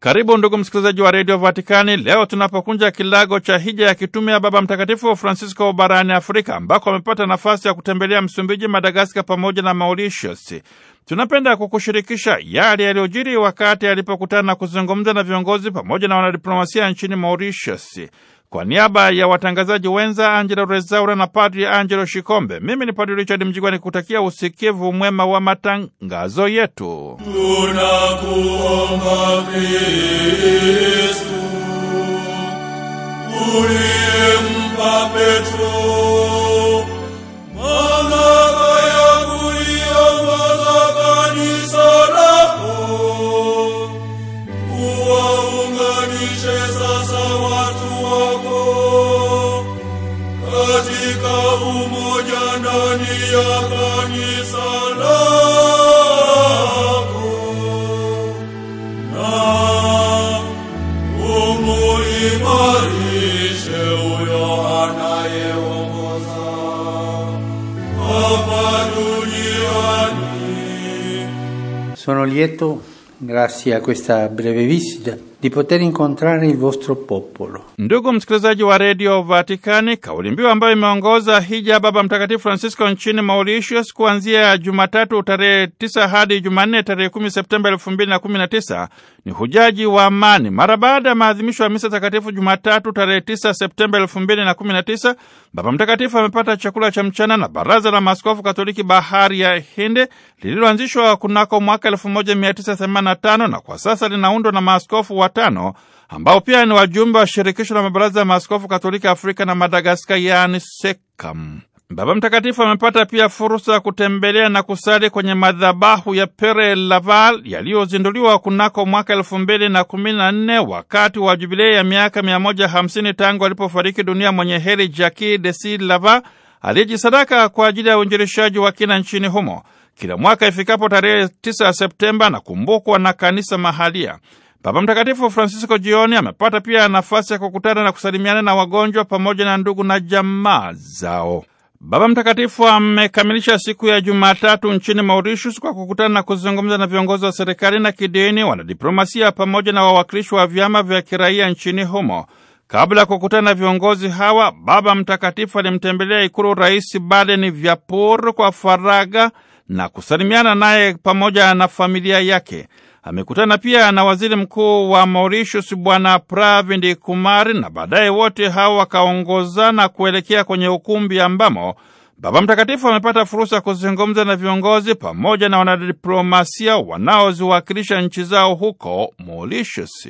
Karibu ndugu msikilizaji wa redio Vatikani leo tunapokunja kilago cha hija ya kitume ya Baba Mtakatifu Francisco barani Afrika, ambako amepata nafasi ya kutembelea Msumbiji, Madagaskar pamoja na Mauritius. Tunapenda kukushirikisha yale yaliyojiri wakati alipokutana na kuzungumza na viongozi pamoja na wanadiplomasia nchini Mauritius. Kwa niaba ya watangazaji wenza Angelo Rezaura na Padri Angelo Shikombe, mimi ni Padri Richard Mjigwa ni kutakia usikivu mwema wa matangazo yetu. Tunakuomba Kristu uliyempa dedicarsi a questa breve visita. di poter incontrare il vostro popolo. Ndugu msikilizaji wa redio Vatikani, kauli mbiu ambayo imeongoza hija Baba Mtakatifu Francisco nchini Mauritius kuanzia Jumatatu tarehe 9 hadi Jumanne tarehe 10 Septemba 2019 ni hujaji wa amani. Mara baada ya maadhimisho ya misa takatifu Jumatatu tarehe 9 Septemba 2019, Baba Mtakatifu amepata chakula cha mchana na Baraza la Maaskofu Katoliki Bahari ya Hindi lililoanzishwa kunako mwaka 1985 na kwa sasa linaundwa na maaskofu wa watano ambao pia ni wajumbe wa shirikisho la mabaraza ya maaskofu Katoliki Afrika na Madagaskar, yaani SEKAM. Baba Mtakatifu amepata pia fursa ya kutembelea na kusali kwenye madhabahu ya Pere Laval yaliyozinduliwa kunako mwaka elfu mbili na kumi na nne wakati wa jubilei ya miaka mia moja hamsini tangu alipofariki dunia mwenye heri de Desi Lava aliyejisadaka kwa ajili ya uinjirishaji wa kina nchini humo. Kila mwaka ifikapo tarehe 9 Septemba na kumbukwa na kanisa mahalia Baba Mtakatifu Francisco jioni amepata pia nafasi ya kukutana na kusalimiana na wagonjwa pamoja na ndugu na jamaa zao. Baba Mtakatifu amekamilisha siku ya Jumatatu nchini Mauritius kwa kukutana na kuzungumza na viongozi wa serikali na kidini, wanadiplomasia pamoja na wawakilishi wa vyama vya kiraia nchini humo. Kabla ya kukutana na viongozi hawa, Baba Mtakatifu alimtembelea ikulu Rais Baden Vyapur kwa faraga na kusalimiana naye pamoja na familia yake. Amekutana pia na waziri mkuu wa Mauritius Bwana Pravind Kumar, na baadaye wote hao wakaongozana kuelekea kwenye ukumbi ambamo Baba Mtakatifu amepata fursa ya kuzungumza na viongozi pamoja na wanadiplomasia wanaoziwakilisha nchi zao huko Mauritius.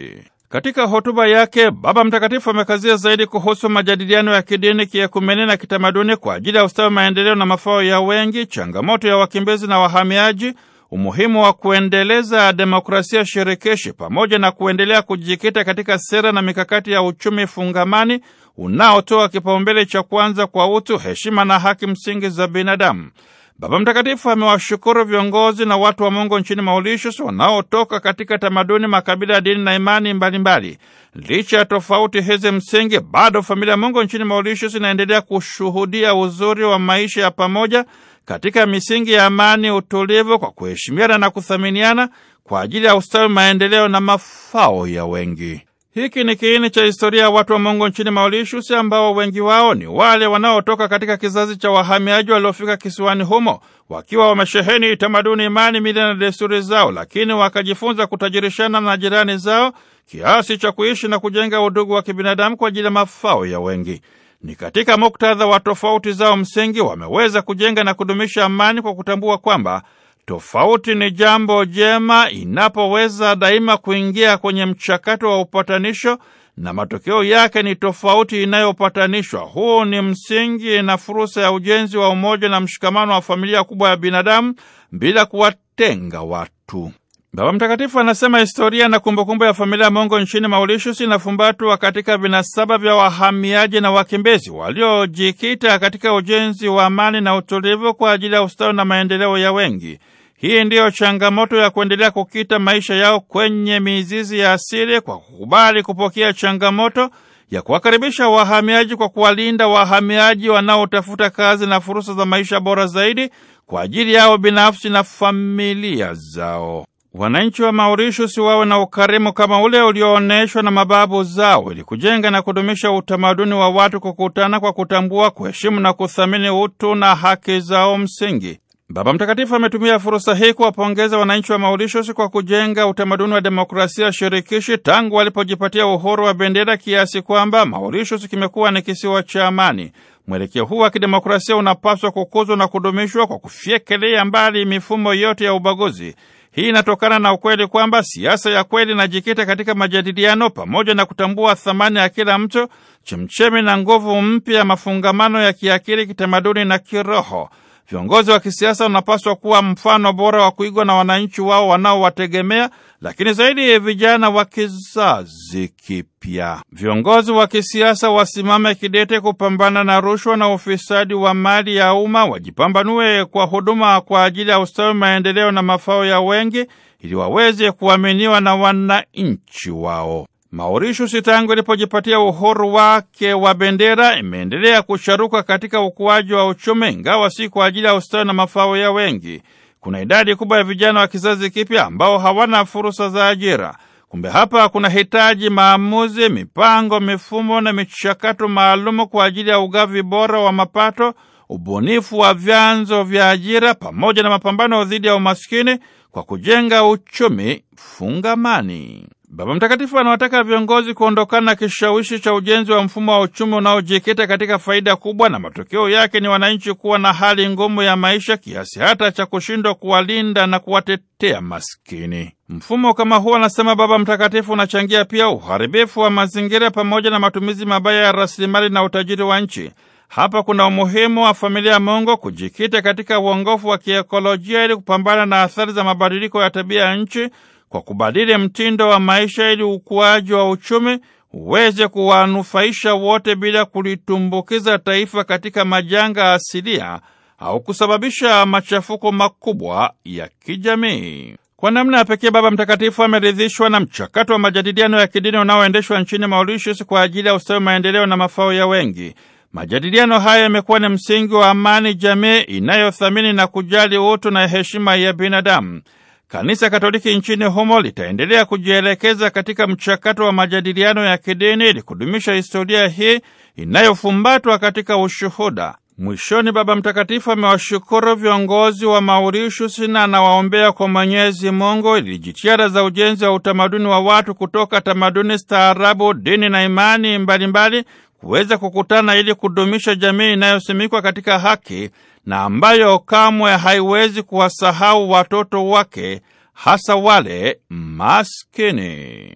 Katika hotuba yake Baba Mtakatifu amekazia zaidi kuhusu majadiliano ya kidini, kiekumene na kitamaduni kwa ajili ya ustawi, maendeleo na mafao ya wengi, changamoto ya wakimbizi na wahamiaji umuhimu wa kuendeleza demokrasia shirikishi pamoja na kuendelea kujikita katika sera na mikakati ya uchumi fungamani unaotoa kipaumbele cha kwanza kwa utu, heshima na haki msingi za binadamu. Baba Mtakatifu amewashukuru viongozi na watu wa Mungu nchini Mauritius wanaotoka katika tamaduni, makabila ya dini na imani mbalimbali. Licha ya tofauti hizi msingi, bado familia ya Mungu nchini Mauritius inaendelea kushuhudia uzuri wa maisha ya pamoja katika misingi ya amani, utulivu, kwa kuheshimiana na kuthaminiana kwa ajili ya ustawi, maendeleo na mafao ya wengi. Hiki ni kiini cha historia ya watu wa Mungu nchini maulishus ambao wengi wao ni wale wanaotoka katika kizazi cha wahamiaji waliofika kisiwani humo wakiwa wamesheheni tamaduni, imani, mila na desturi zao, lakini wakajifunza kutajirishana na jirani zao kiasi cha kuishi na kujenga udugu wa kibinadamu kwa ajili ya mafao ya wengi ni katika muktadha wa tofauti zao msingi wameweza kujenga na kudumisha amani kwa kutambua kwamba tofauti ni jambo jema inapoweza daima kuingia kwenye mchakato wa upatanisho na matokeo yake ni tofauti inayopatanishwa. Huu ni msingi na fursa ya ujenzi wa umoja na mshikamano wa familia kubwa ya binadamu bila kuwatenga watu. Baba Mtakatifu anasema historia na kumbukumbu ya familia ya Mongo nchini Mauritius inafumbatwa katika vinasaba vya wahamiaji na wakimbizi waliojikita katika ujenzi wa amani na utulivu kwa ajili ya ustawi na maendeleo ya wengi. Hii ndiyo changamoto ya kuendelea kukita maisha yao kwenye mizizi ya asili kwa kukubali kupokea changamoto ya kuwakaribisha wahamiaji kwa kuwalinda wahamiaji wanaotafuta kazi na fursa za maisha bora zaidi kwa ajili yao binafsi na familia zao wananchi wa Mauritius wawe na ukarimu kama ule ulioonyeshwa na mababu zao ili kujenga na kudumisha utamaduni wa watu kukutana kwa kutambua, kuheshimu na kuthamini utu na haki zao msingi. Baba Mtakatifu ametumia fursa hii kuwapongeza wananchi wa Mauritius kwa kujenga utamaduni wa demokrasia shirikishi tangu walipojipatia uhuru wa bendera, kiasi kwamba Mauritius kimekuwa ni kisiwa cha amani. Mwelekeo huu wa kidemokrasia unapaswa kukuzwa na kudumishwa kwa kufyekelea mbali mifumo yote ya ubaguzi. Hii inatokana na ukweli kwamba siasa ya kweli inajikita katika majadiliano pamoja na kutambua thamani ya kila mtu, chemchemi na nguvu mpya ya mafungamano ya kiakili, kitamaduni na kiroho. Viongozi wa kisiasa wanapaswa kuwa mfano bora wa kuigwa na wananchi wao wanaowategemea, lakini zaidi vijana wa kizazi kipya. Viongozi wa kisiasa wasimame kidete kupambana na rushwa na ufisadi wa mali ya umma, wajipambanue kwa huduma kwa ajili ya ustawi, maendeleo na mafao ya wengi, ili waweze kuaminiwa na wananchi wao. Mauritius tangu ilipojipatia uhuru wake wa bendera imeendelea kusharuka katika ukuaji wa uchumi, ingawa si kwa ajili ya ustawi na mafao ya wengi. Kuna idadi kubwa ya vijana wa kizazi kipya ambao hawana fursa za ajira. Kumbe hapa kuna hitaji maamuzi, mipango, mifumo na michakato maalumu kwa ajili ya ugavi bora wa mapato, ubunifu wa vyanzo vya ajira, pamoja na mapambano dhidi ya umaskini kwa kujenga uchumi fungamani. Baba Mtakatifu anawataka viongozi kuondokana na kishawishi cha ujenzi wa mfumo wa uchumi unaojikita katika faida kubwa na matokeo yake ni wananchi kuwa na hali ngumu ya maisha kiasi hata cha kushindwa kuwalinda na kuwatetea maskini. Mfumo kama huo, anasema Baba Mtakatifu, unachangia pia uharibifu wa mazingira pamoja na matumizi mabaya ya rasilimali na utajiri wa nchi. Hapa kuna umuhimu wa familia ya Mungu kujikita katika uongofu wa kiekolojia ili kupambana na athari za mabadiliko ya tabia ya nchi kwa kubadili mtindo wa maisha ili ukuaji wa uchumi uweze kuwanufaisha wote bila kulitumbukiza taifa katika majanga asilia au kusababisha machafuko makubwa ya kijamii. Kwa namna ya pekee, Baba Mtakatifu ameridhishwa na mchakato wa majadiliano ya kidini unaoendeshwa nchini Mauritius kwa ajili ya ustawi, maendeleo na mafao ya wengi. Majadiliano hayo yamekuwa ni msingi wa amani, jamii inayothamini na kujali utu na heshima ya binadamu. Kanisa Katoliki nchini humo litaendelea kujielekeza katika mchakato wa majadiliano ya kidini ili kudumisha historia hii inayofumbatwa katika ushuhuda. Mwishoni, Baba Mtakatifu amewashukuru viongozi wa Mauritius na anawaombea kwa Mwenyezi Mungu ili jitihada za ujenzi wa utamaduni wa watu kutoka tamaduni staarabu, dini na imani mbalimbali kuweza kukutana ili kudumisha jamii inayosimikwa katika haki na kamwe haiwezi kuwasahau watoto wake hasa wale maskini.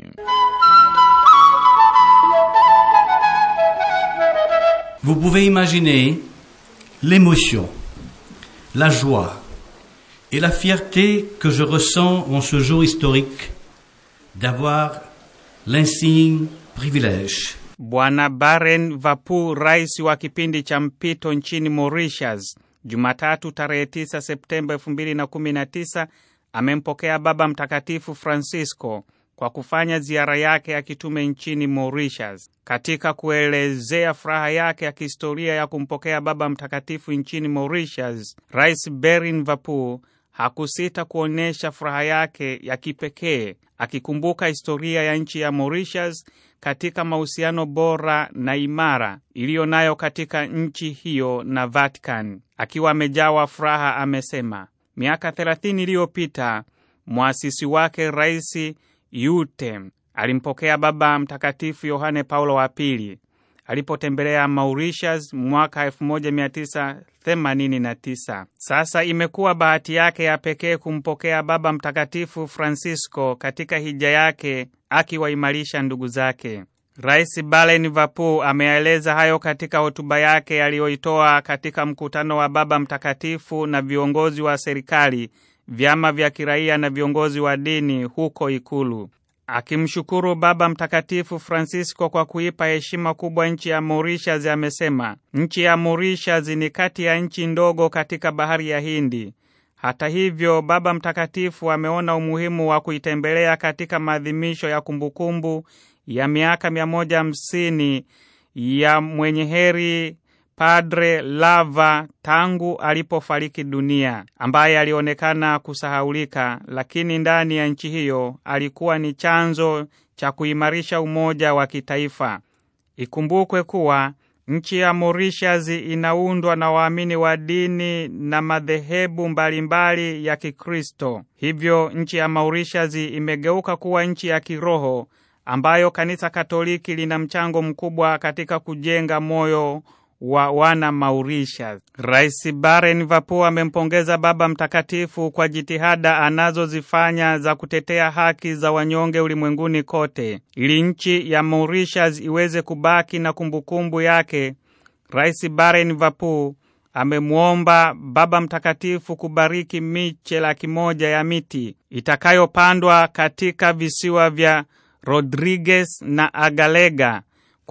Vous pouvez imaginer l'émotion, la joie et la fierté que je ressens en ce jour historique d'avoir l'insigne privilège Bwana Baren Vapu, rais wa kipindi cha mpito nchini Mauritius, Jumatatu tarehe 9 Septemba 2019 amempokea Baba Mtakatifu Francisco kwa kufanya ziara yake ya kitume nchini Mauritius. Katika kuelezea furaha yake ya kihistoria ya kumpokea Baba Mtakatifu nchini Mauritius, Rais berin Vapoor hakusita kuonyesha furaha yake ya kipekee akikumbuka historia ya nchi ya Mauritius katika mahusiano bora na imara iliyo nayo katika nchi hiyo na Vatican. Akiwa amejawa furaha, amesema miaka 30 iliyopita mwasisi wake Rais yute alimpokea Baba Mtakatifu Yohane Paulo wa Pili alipotembelea Mauritius mwaka 1989. Sasa imekuwa bahati yake ya pekee kumpokea Baba Mtakatifu Francisco katika hija yake, akiwaimarisha ndugu zake. Rais Balen Vapu ameyaeleza hayo katika hotuba yake aliyoitoa katika mkutano wa Baba Mtakatifu na viongozi wa serikali, vyama vya kiraia na viongozi wa dini huko Ikulu. Akimshukuru Baba Mtakatifu Francisco kwa kuipa heshima kubwa nchi ya morishas amesema nchi ya morishas ni kati ya nchi ndogo katika bahari ya Hindi. Hata hivyo, Baba Mtakatifu ameona umuhimu wa kuitembelea katika maadhimisho ya kumbukumbu ya miaka 150 ya mwenye heri Padre Lava tangu alipofariki dunia, ambaye alionekana kusahaulika, lakini ndani ya nchi hiyo alikuwa ni chanzo cha kuimarisha umoja wa kitaifa. Ikumbukwe kuwa nchi ya Mauritius inaundwa na waamini wa dini na madhehebu mbalimbali ya Kikristo. Hivyo nchi ya Mauritius imegeuka kuwa nchi ya kiroho ambayo kanisa Katoliki lina mchango mkubwa katika kujenga moyo wa wana Mauritius. Rais Baren vapo amempongeza Baba Mtakatifu kwa jitihada anazozifanya za kutetea haki za wanyonge ulimwenguni kote. Ili nchi ya Mauritius iweze kubaki na kumbukumbu yake, Rais Baren vapo amemwomba Baba Mtakatifu kubariki miche laki moja ya miti itakayopandwa katika visiwa vya Rodrigues na Agalega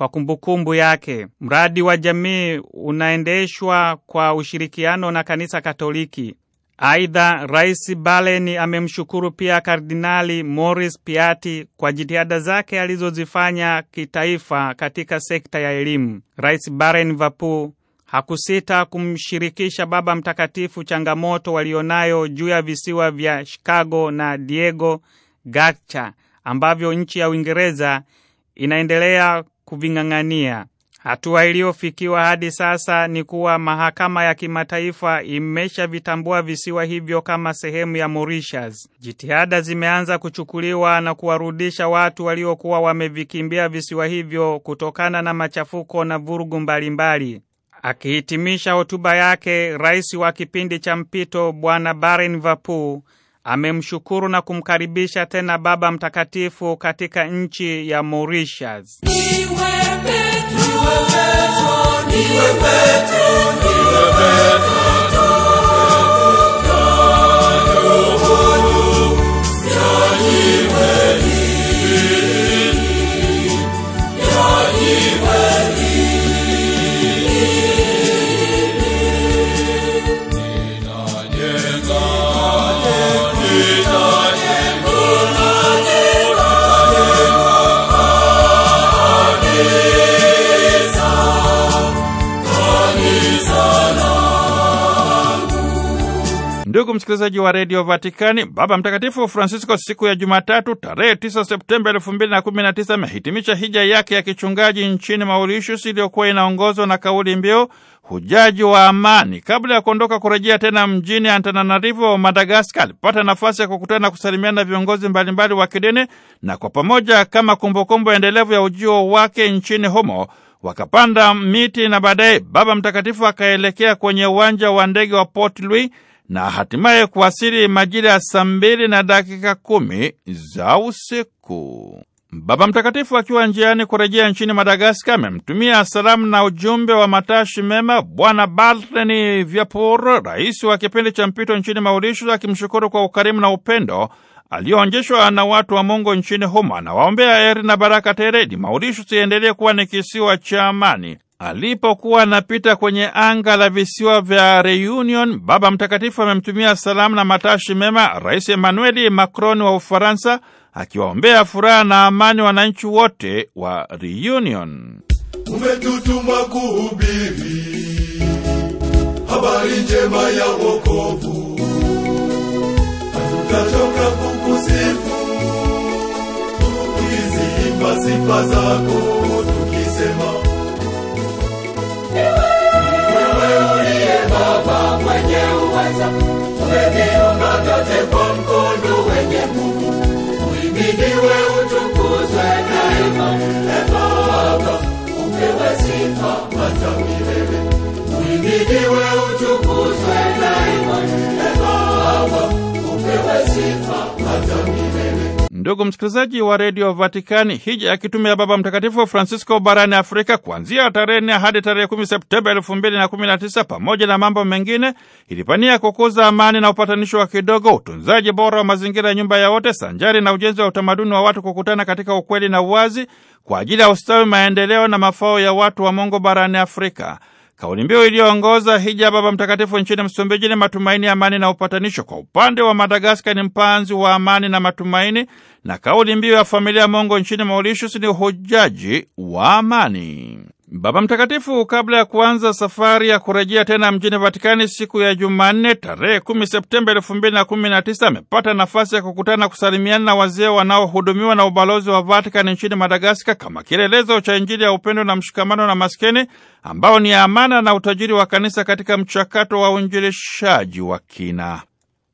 kwa kumbukumbu yake. Mradi wa jamii unaendeshwa kwa ushirikiano na Kanisa Katoliki. Aidha, Rais Baleni amemshukuru pia Kardinali moris piati kwa jitihada zake alizozifanya kitaifa katika sekta ya elimu. Rais Baren Vapu hakusita kumshirikisha Baba Mtakatifu changamoto walionayo juu ya visiwa vya Chicago na Diego gacha ambavyo nchi ya Uingereza inaendelea kuving'ang'ania. Hatua iliyofikiwa hadi sasa ni kuwa mahakama ya kimataifa imeshavitambua visiwa hivyo kama sehemu ya Mauritius. Jitihada zimeanza kuchukuliwa na kuwarudisha watu waliokuwa wamevikimbia visiwa hivyo kutokana na machafuko na vurugu mbalimbali. Akihitimisha hotuba yake, rais wa kipindi cha mpito Bwana Barney Vapu amemshukuru na kumkaribisha tena Baba Mtakatifu katika nchi ya Mauritius. Niwe Petro, niwe Petro, niwe Petro. msikilizaji wa redio Vatikani, Baba Mtakatifu Francisco siku ya Jumatatu tarehe 9 Septemba 2019 amehitimisha hija yake ya kichungaji nchini Mauritius iliyokuwa inaongozwa na kauli mbiu hujaji wa amani. Kabla ya kuondoka kurejea tena mjini Antananarivo Madagaskar, alipata nafasi ya kukutana na kusalimiana na viongozi mbalimbali wa kidini, na kwa pamoja kama kumbukumbu endelevu ya ujio wake nchini humo wakapanda miti na baadaye Baba Mtakatifu akaelekea kwenye uwanja wa ndege wa Port Louis na hatimaye kuwasili majira ya saa mbili na dakika kumi za usiku. Baba Mtakatifu akiwa njiani kurejea nchini Madagaskar amemtumia salamu na ujumbe wa matashi mema Bwana Bartleni Vyapur, rais wa kipindi cha mpito nchini Mauritius, akimshukuru kwa ukarimu na upendo aliyoonyeshwa na watu wa Mungu nchini humo. Anawaombea heri na baraka teredi, Mauritius iendelee kuwa ni kisiwa cha amani. Alipokuwa anapita kwenye anga la visiwa vya Reunion, Baba Mtakatifu amemtumia salamu na matashi mema Rais Emmanuel Macron wa Ufaransa, akiwaombea furaha na amani wananchi wote wa Reunion. Umetutuma kuhubiri habari njema ya wokovu, hatutachoka kukusifu, tukiziimba sifa zako tukisema Umeumba vyote kwa mkono wenye nguvu, uhimidiwe utukuzwe daima. E Baba, upewe sifa hata milele, uhimidiwe utukuzwe daima. E Baba, upewe sifa hata milele. Ndugu msikilizaji wa redio Vatikani, hija ya kitume ya Baba Mtakatifu Francisco barani Afrika kuanzia tarehe nne hadi tarehe kumi Septemba elfu mbili na kumi na tisa pamoja na mambo mengine ilipania kukuza amani na upatanisho wa kidogo, utunzaji bora wa mazingira ya nyumba ya wote, sanjari na ujenzi wa utamaduni wa watu kukutana katika ukweli na uwazi kwa ajili ya ustawi, maendeleo na mafao ya watu wa Mungu barani Afrika. Kauli mbiu iliyoongoza hija Baba Mtakatifu nchini Msumbiji ni matumaini, amani na upatanisho. Kwa upande wa Madagaskar ni mpanzi wa amani na matumaini, na kauli mbiu ya familia Mongo nchini Mauritius ni uhujaji wa amani. Baba Mtakatifu kabla ya kuanza safari ya kurejea tena mjini Vatikani siku ya Jumanne tarehe kumi Septemba elfu mbili na kumi na tisa amepata nafasi ya kukutana kusalimiana na wazee wanaohudumiwa na ubalozi wa Vatikani nchini Madagaskar kama kielelezo cha Injili ya upendo na mshikamano na maskini ambao ni amana na utajiri wa kanisa katika mchakato wa uinjilishaji wa kina.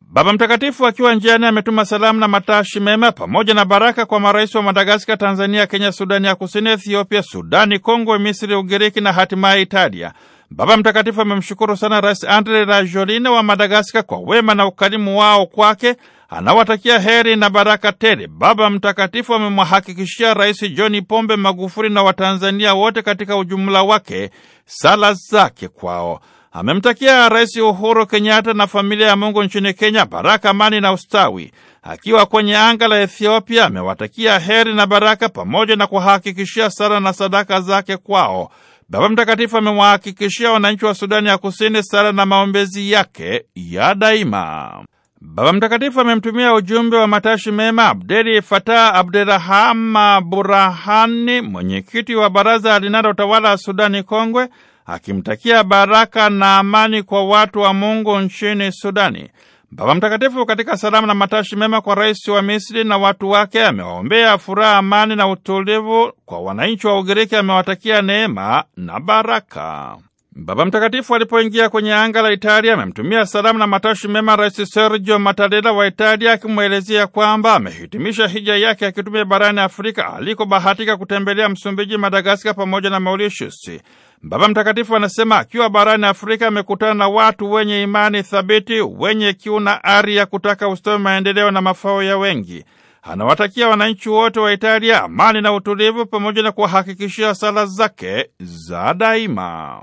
Baba Mtakatifu akiwa njiani ametuma salamu na matashi mema pamoja na baraka kwa marais wa Madagaskar, Tanzania, Kenya, Sudani ya Kusini, Ethiopia, Sudani Kongo, Misri, Ugiriki na hatimaye Italia. Baba Mtakatifu amemshukuru sana Rais Andre rajolina wa Madagaskar kwa wema na ukarimu wao kwake, anawatakia heri na baraka tele. Baba Mtakatifu amemwahakikishia Rais John Pombe Magufuli na Watanzania wote katika ujumla wake sala zake kwao amemtakia Rais Uhuru Kenyatta na familia ya Mungu nchini Kenya baraka, amani na ustawi. Akiwa kwenye anga la Ethiopia, amewatakia heri na baraka pamoja na kuhakikishia sala na sadaka zake kwao. Baba Mtakatifu amewahakikishia wananchi wa Sudani ya Kusini sala na maombezi yake ya daima. Baba Mtakatifu amemtumia ujumbe wa matashi mema Abdeli Fatah Abderahama Burahani, mwenyekiti wa baraza linalotawala Sudani Kongwe, akimtakia baraka na amani kwa watu wa Mungu nchini Sudani. Baba Mtakatifu katika salamu na matashi mema kwa rais wa Misri na watu wake amewaombea furaha, amani na utulivu. Kwa wananchi wa Ugiriki amewatakia neema na baraka. Baba Mtakatifu alipoingia kwenye anga la Italia amemtumia salamu na matashi mema Rais Sergio Mattarella wa Italia, akimwelezea kwamba amehitimisha hija yake akitumia barani Afrika alikobahatika kutembelea Msumbiji, Madagaskar pamoja na Mauritius. Baba Mtakatifu anasema akiwa barani Afrika amekutana na watu wenye imani thabiti, wenye kiu na ari ya kutaka ustawi, maendeleo na mafao ya wengi. Anawatakia wananchi wote wa Italia amani na utulivu, pamoja na kuwahakikishia sala zake za daima.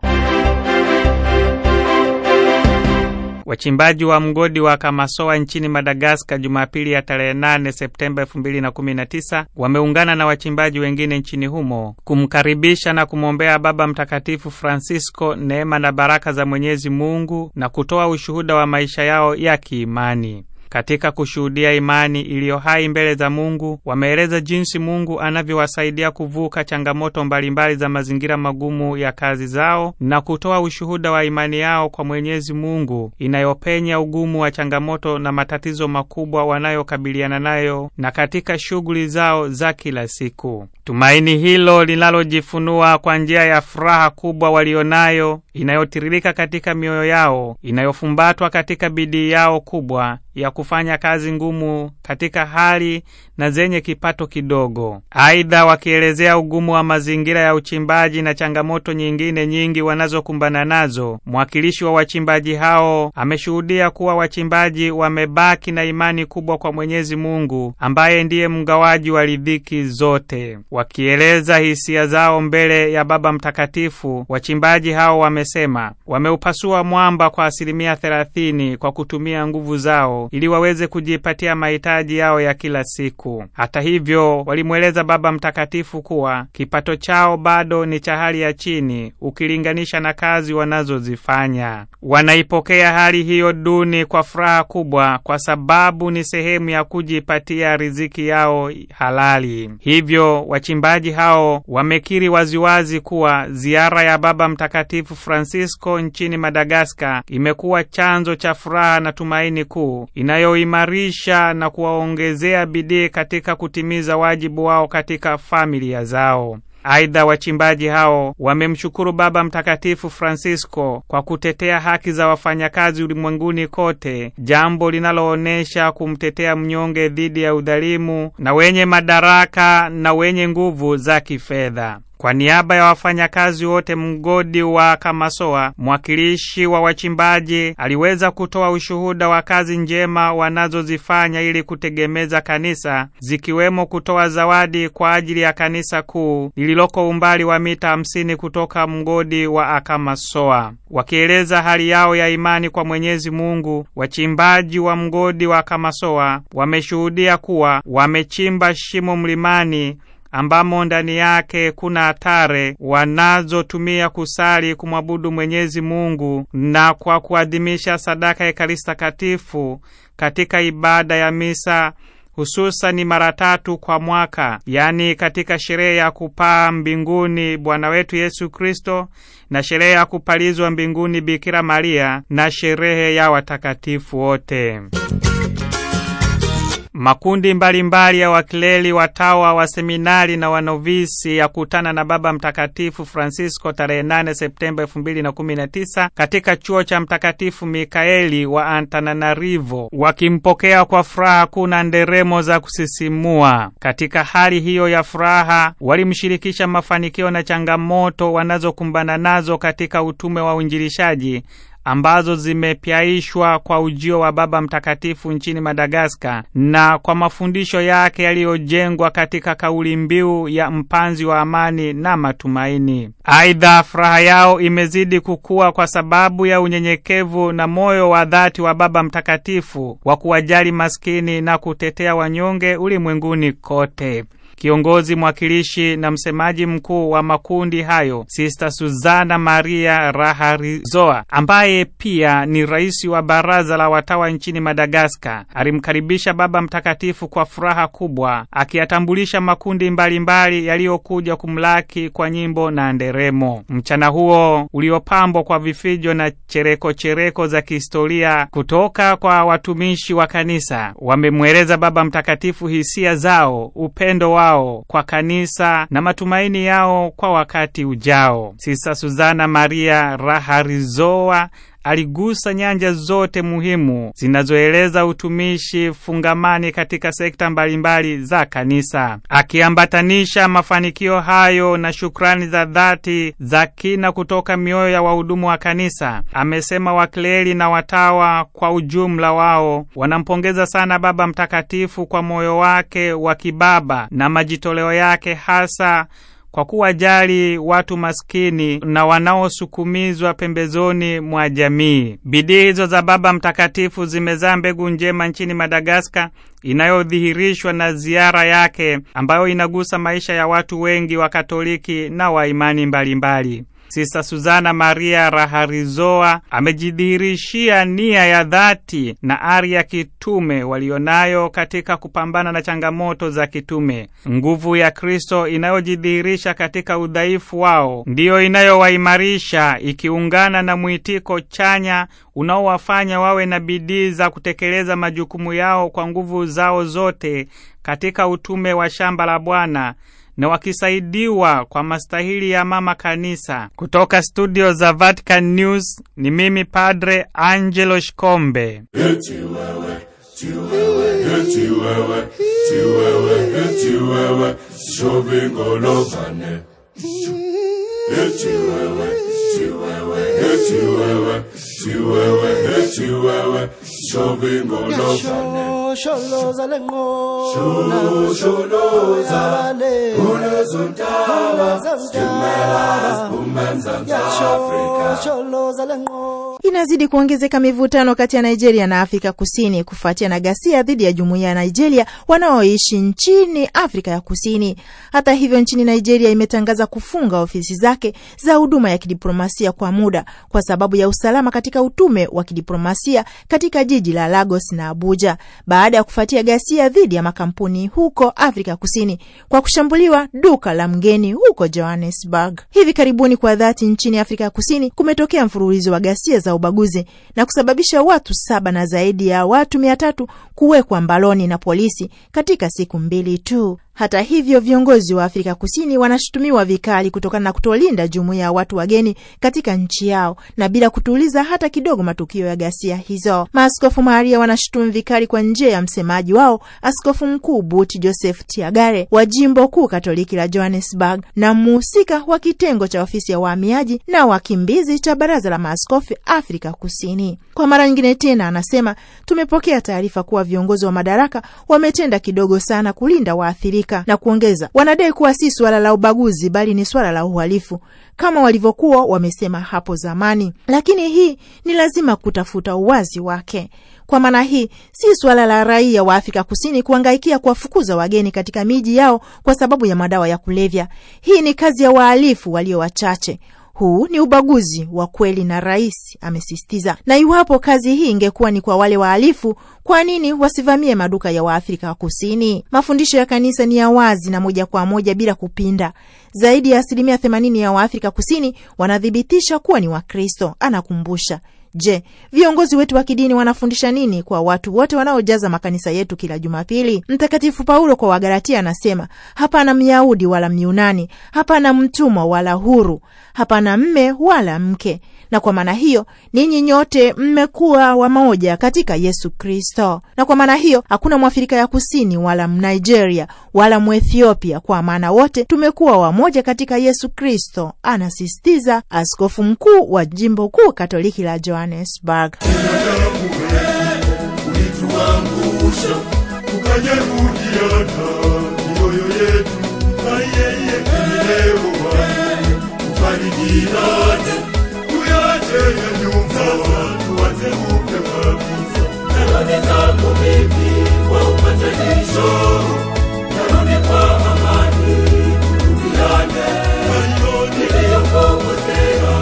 Wachimbaji wa mgodi wa Kamasoa nchini Madagaskar Jumapili ya tarehe 8 Septemba 2019 wameungana na wachimbaji wengine nchini humo kumkaribisha na kumwombea Baba Mtakatifu Francisco neema na baraka za Mwenyezi Mungu na kutoa ushuhuda wa maisha yao ya kiimani katika kushuhudia imani iliyo hai mbele za Mungu. Wameeleza jinsi Mungu anavyowasaidia kuvuka changamoto mbalimbali za mazingira magumu ya kazi zao na kutoa ushuhuda wa imani yao kwa Mwenyezi Mungu inayopenya ugumu wa changamoto na matatizo makubwa wanayokabiliana nayo na katika shughuli zao za kila siku. Tumaini hilo linalojifunua kwa njia ya furaha kubwa walionayo inayotiririka katika mioyo yao, inayofumbatwa katika bidii yao kubwa ya kufanya kazi ngumu katika hali na zenye kipato kidogo. Aidha, wakielezea ugumu wa mazingira ya uchimbaji na changamoto nyingine nyingi wanazokumbana nazo, mwakilishi wa wachimbaji hao ameshuhudia kuwa wachimbaji wamebaki na imani kubwa kwa Mwenyezi Mungu ambaye ndiye mgawaji wa riziki zote. Wakieleza hisia zao mbele ya Baba Mtakatifu, wachimbaji hao wame amesema wameupasua mwamba kwa asilimia thelathini kwa kutumia nguvu zao ili waweze kujipatia mahitaji yao ya kila siku. Hata hivyo, walimweleza Baba Mtakatifu kuwa kipato chao bado ni cha hali ya chini ukilinganisha na kazi wanazozifanya. Wanaipokea hali hiyo duni kwa furaha kubwa, kwa sababu ni sehemu ya kujipatia riziki yao halali. Hivyo wachimbaji hao wamekiri waziwazi kuwa ziara ya Baba Mtakatifu Francisco nchini Madagaskar imekuwa chanzo cha furaha na tumaini kuu inayoimarisha na kuwaongezea bidii katika kutimiza wajibu wao katika familia zao. Aidha, wachimbaji hao wamemshukuru Baba Mtakatifu Francisco kwa kutetea haki za wafanyakazi ulimwenguni kote, jambo linaloonyesha kumtetea mnyonge dhidi ya udhalimu na wenye madaraka na wenye nguvu za kifedha. Kwa niaba ya wafanyakazi wote mgodi wa Kamasoa, mwakilishi wa wachimbaji aliweza kutoa ushuhuda wa kazi njema wanazozifanya ili kutegemeza kanisa, zikiwemo kutoa zawadi kwa ajili ya kanisa kuu lililoko umbali wa mita hamsini kutoka mgodi wa Akamasoa. Wakieleza hali yao ya imani kwa Mwenyezi Mungu, wachimbaji wa mgodi wa Kamasoa wameshuhudia kuwa wamechimba shimo mlimani ambamo ndani yake kuna atare wanazotumia kusali kumwabudu Mwenyezi Mungu na kwa kuadhimisha sadaka ya Ekaristi Takatifu katika ibada ya misa hususani mara tatu kwa mwaka, yani katika sherehe ya kupaa mbinguni Bwana wetu Yesu Kristo na sherehe ya kupalizwa mbinguni Bikira Maria na sherehe ya watakatifu wote. Makundi mbalimbali mbali ya wakileli, watawa, waseminari na wanovisi ya kutana na Baba Mtakatifu Francisco tarehe 8 Septemba 2019 katika chuo cha Mtakatifu Mikaeli wa Antananarivo, wakimpokea kwa furaha kuna nderemo za kusisimua. Katika hali hiyo ya furaha, walimshirikisha mafanikio na changamoto wanazokumbana nazo katika utume wa uinjilishaji ambazo zimepyaishwa kwa ujio wa Baba Mtakatifu nchini Madagaska na kwa mafundisho yake yaliyojengwa katika kauli mbiu ya mpanzi wa amani na matumaini. Aidha, furaha yao imezidi kukua kwa sababu ya unyenyekevu na moyo wa dhati wa Baba Mtakatifu wa kuwajali maskini na kutetea wanyonge ulimwenguni kote. Kiongozi mwakilishi na msemaji mkuu wa makundi hayo sista Suzana Maria Raharizoa, ambaye pia ni rais wa baraza la watawa nchini Madagaskar, alimkaribisha Baba Mtakatifu kwa furaha kubwa, akiyatambulisha makundi mbalimbali yaliyokuja kumlaki kwa nyimbo na nderemo. Mchana huo uliopambwa kwa vifijo na chereko chereko za kihistoria kutoka kwa watumishi wa kanisa wamemweleza Baba Mtakatifu hisia zao, upendo wa kwao, kwa kanisa na matumaini yao kwa wakati ujao. Sisa Suzana Maria Raharizoa aligusa nyanja zote muhimu zinazoeleza utumishi fungamani katika sekta mbalimbali za kanisa, akiambatanisha mafanikio hayo na shukrani za dhati za kina kutoka mioyo ya wahudumu wa kanisa. Amesema wakleri na watawa kwa ujumla wao wanampongeza sana Baba Mtakatifu kwa moyo wake wa kibaba na majitoleo yake hasa kwa kuwajali watu maskini na wanaosukumizwa pembezoni mwa jamii. Bidii hizo za Baba Mtakatifu zimezaa mbegu njema nchini Madagaska inayodhihirishwa na ziara yake ambayo inagusa maisha ya watu wengi wa Katoliki na wa imani mbalimbali. Sista Suzana Maria Raharizoa amejidhihirishia nia ya dhati na ari ya kitume walionayo katika kupambana na changamoto za kitume. Nguvu ya Kristo inayojidhihirisha katika udhaifu wao ndiyo inayowaimarisha ikiungana na mwitiko chanya unaowafanya wawe na bidii za kutekeleza majukumu yao kwa nguvu zao zote katika utume wa shamba la Bwana na wakisaidiwa kwa mastahili ya mama kanisa. Kutoka studio za Vatican News ni mimi Padre Angelo Shikombe. wewe siwewe ethi wewe shova ingoloshosholoza lenqosholoza unezontaba zimela umenza afrika sholoza lenqo inazidi kuongezeka mivutano kati ya Nigeria na Afrika Kusini kufuatia na ghasia dhidi ya jumuiya ya Nigeria wanaoishi nchini Afrika ya Kusini. Hata hivyo, nchini Nigeria imetangaza kufunga ofisi zake za huduma ya kidiplomasia kwa muda kwa sababu ya usalama katika utume wa kidiplomasia katika jiji la Lagos na Abuja baada ya kufuatia ghasia dhidi ya makampuni huko Afrika Kusini kwa kushambuliwa duka la mgeni huko Johannesburg. Hivi karibuni kwa dhati nchini Afrika Kusini kumetokea mfululizo wa ghasia za ubaguzi na kusababisha watu saba na zaidi ya watu mia tatu kuwekwa mbaloni na polisi katika siku mbili tu. Hata hivyo, viongozi wa Afrika Kusini wanashutumiwa vikali kutokana na kutolinda jumuiya ya watu wageni katika nchi yao na bila kutuliza hata kidogo matukio ya ghasia hizo. Maaskofu Maria wanashutumu vikali kwa njia ya msemaji wao Askofu Mkuu Buti Joseph Tiagare wa jimbo kuu Katoliki la Johannesburg na mhusika wa kitengo cha ofisi ya uhamiaji na wakimbizi cha Baraza la Maaskofu Afrika Kusini. Kwa mara nyingine tena, anasema tumepokea taarifa kuwa viongozi wa madaraka wametenda kidogo sana kulinda waathirika Afrika na kuongeza, wanadai kuwa si suala la ubaguzi, bali ni suala la uhalifu kama walivyokuwa wamesema hapo zamani, lakini hii ni lazima kutafuta uwazi wake. Kwa maana hii si suala la raia wa Afrika Kusini kuangaikia kuwafukuza wageni katika miji yao kwa sababu ya madawa ya kulevya. Hii ni kazi ya wahalifu walio wachache huu ni ubaguzi wa kweli na rais amesisitiza. Na iwapo kazi hii ingekuwa ni kwa wale wahalifu, kwa nini wasivamie maduka ya Waafrika Kusini? Mafundisho ya kanisa ni ya wazi na moja kwa moja bila kupinda. Zaidi ya asilimia themanini ya Waafrika Kusini wanathibitisha kuwa ni Wakristo, anakumbusha. Je, viongozi wetu wa kidini wanafundisha nini kwa watu wote wanaojaza makanisa yetu kila Jumapili? Mtakatifu Paulo kwa Wagalatia anasema hapana Myahudi wala Myunani, hapana mtumwa wala huru, hapana mme wala mke na kwa maana hiyo ninyi nyote mmekuwa wamoja katika Yesu Kristo. Na kwa maana hiyo hakuna Mwafrika ya Kusini wala Mnigeria wala Mwethiopia, kwa maana wote tumekuwa wamoja katika Yesu Kristo, anasisitiza askofu mkuu wa jimbo kuu katoliki la Johannesburg yenye watu wateule kabisa. Narudi zangu mimi kwa upatanisho, narudi kwa amani, turudiane niliyokukosea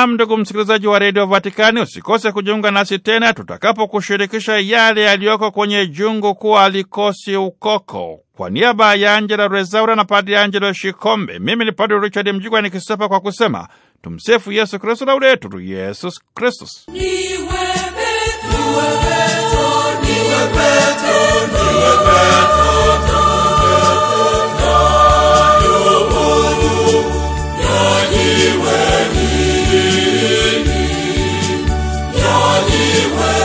Naam, ndugu msikilizaji wa redio Vatikani, usikose kujiunga nasi tena tutakapokushirikisha yale yaliyoko kwenye jungu kuwa alikosi ukoko. Kwa niaba ya Angela Rezaura na Padre Angelo Shikombe, mimi ni Padre Richard Mjigwa nikisepa kwa kusema tumsefu Yesu Kristu, laudetur Yesus Kristus. we were.